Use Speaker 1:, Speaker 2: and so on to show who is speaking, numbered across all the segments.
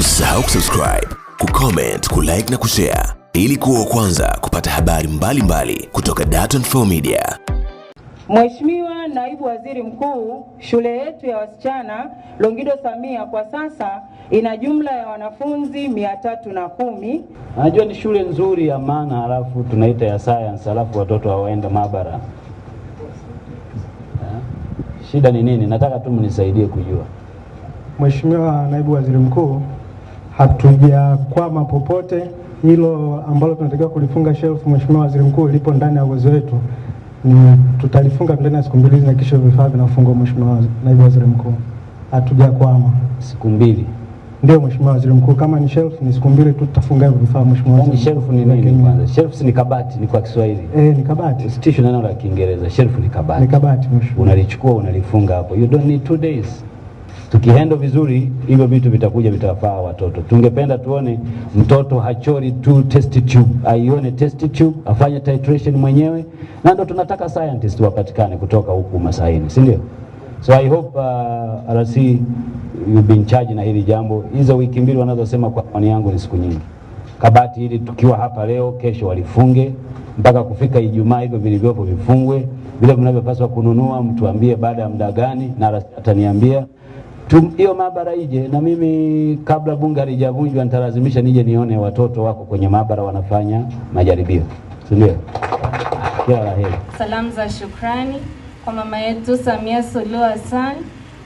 Speaker 1: Usisahau kusubscribe, kucomment, kulike na kushare ili kuwa kwanza kupata habari mbalimbali mbali kutoka Dar24 Media.
Speaker 2: Mheshimiwa Naibu Waziri Mkuu, shule yetu ya wasichana Longido Samia kwa sasa ina jumla ya wanafunzi mia tatu na kumi.
Speaker 3: Najua ni shule nzuri ya maana, halafu tunaita ya science, halafu watoto hawaenda maabara. Shida ni nini? Nataka tu mnisaidie kujua.
Speaker 4: Mheshimiwa Naibu Waziri Mkuu, hatujakwama popote. Hilo ambalo tunatakiwa kulifunga shelf, Mheshimiwa Waziri Mkuu, lipo ndani ya uwezo wetu, ni tutalifunga ndani ya siku mbili na kisha vifaa vinafungwa. Mheshimiwa Naibu Waziri Mkuu, hatujakwama
Speaker 3: siku mbili.
Speaker 4: Ndio Mheshimiwa Waziri Mkuu, kama ni shelf ni siku mbili tu tutafunga hivyo vifaa. Mheshimiwa Waziri
Speaker 3: yaani Mkuu, shelf ni nini kwanza? Shelf ni kabati, ni kwa Kiswahili
Speaker 4: eh, ni kabati,
Speaker 3: usitishe neno la Kiingereza. Shelf ni kabati,
Speaker 4: ni kabati mheshimiwa,
Speaker 3: unalichukua unalifunga hapo, you don't need two days. Tukihendo vizuri hivyo vitu vitakuja vitawafaa watoto. Tungependa tuone mtoto hachori tu test tube, aione test tube, afanye titration mwenyewe, na ndio tunataka scientist wapatikane kutoka huku Masaini, si ndio? So I hope uh, RC you've been charged na hili jambo. Hizo wiki mbili wanazosema kwa maoni yangu ni siku nyingi. Kabati hili tukiwa hapa leo, kesho walifunge mpaka kufika Ijumaa, hivyo vilivyopo vifungwe, vile mnavyopaswa kununua mtuambie baada ya muda gani, na ataniambia hiyo maabara ije na mimi, kabla bunge halijavunjwa nitalazimisha nije nione watoto wako kwenye maabara wanafanya majaribio, si Kila la
Speaker 5: Salamu za shukrani kwa mama yetu Samia Suluhu Hassan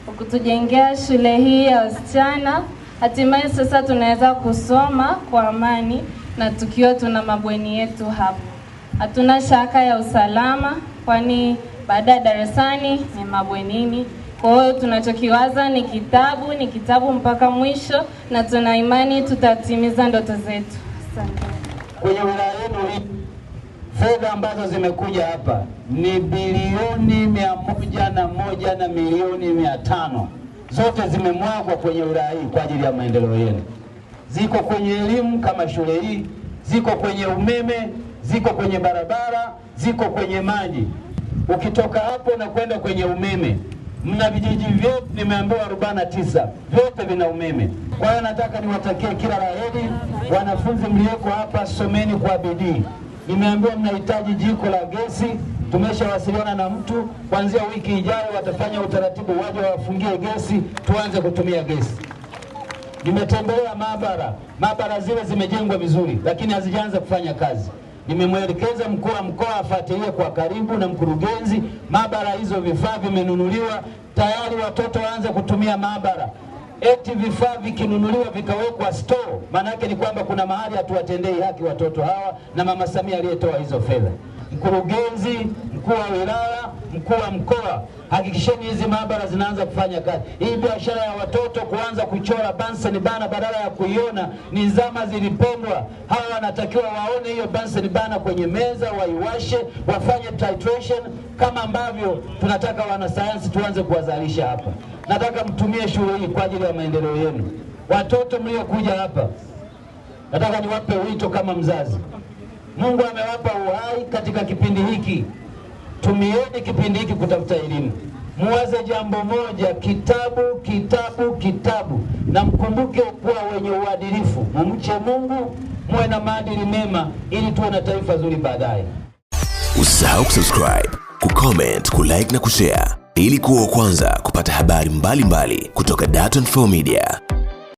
Speaker 5: kwa kutujengea shule hii ya wasichana. Hatimaye sasa tunaweza kusoma kwa amani na tukiwa tuna mabweni yetu hapo. Hatuna shaka ya usalama, kwani baada ya darasani ni mabwenini. Kwa hiyo tunachokiwaza ni kitabu, ni kitabu mpaka mwisho, na tuna imani tutatimiza ndoto zetu.
Speaker 6: Kwenye wilaya yenu fedha ambazo zimekuja hapa ni bilioni mia moja na moja na milioni mia tano zote zimemwagwa kwenye wilaya hii kwa ajili ya maendeleo yenu. Ziko kwenye elimu kama shule hii, ziko kwenye umeme, ziko kwenye barabara, ziko kwenye maji. Ukitoka hapo na kwenda kwenye umeme, mna vijiji vyote, vimeambiwa arobaini na tisa vyote vina umeme. Kwa hiyo nataka niwatakie kila la heri. Wanafunzi mlioko hapa, someni kwa bidii. Nimeambiwa mnahitaji jiko la gesi, tumeshawasiliana na mtu, kuanzia wiki ijayo watafanya utaratibu, waje wawafungie gesi, tuanze kutumia gesi. Nimetembelea maabara, maabara zile zimejengwa vizuri, lakini hazijaanza kufanya kazi. Nimemwelekeza mkuu wa mkoa afuatilie kwa karibu na mkurugenzi maabara hizo. Vifaa vimenunuliwa tayari, watoto waanze kutumia maabara. Eti vifaa vikinunuliwa vikawekwa store, maanake ni kwamba kuna mahali hatuwatendei haki watoto hawa na Mama Samia aliyetoa hizo fedha. Mkurugenzi, mkuu wa wilaya mkuu wa mkoa, hakikisheni hizi maabara zinaanza kufanya kazi. Hii biashara ya watoto kuanza kuchora Bunsen bana badala ya kuiona ni zama zilipendwa. Hawa wanatakiwa waone hiyo Bunsen bana kwenye meza, waiwashe, wafanye titration kama ambavyo tunataka wanasayansi tuanze kuwazalisha hapa. Nataka mtumie shule hii kwa ajili ya maendeleo yenu. Watoto mliokuja hapa, nataka niwape wito kama mzazi. Mungu amewapa uhai katika kipindi hiki tumieni kipindi hiki kutafuta elimu. Muwaze jambo moja, kitabu, kitabu, kitabu, na mkumbuke kuwa wenye uadilifu, mumche Mungu, muwe na maadili mema, ili tuwe na taifa zuri baadaye. Usisahau kusubscribe, kucomment, kulike na kushare ili kuwa wa kwanza kupata habari mbalimbali mbali kutoka Dar24 Media.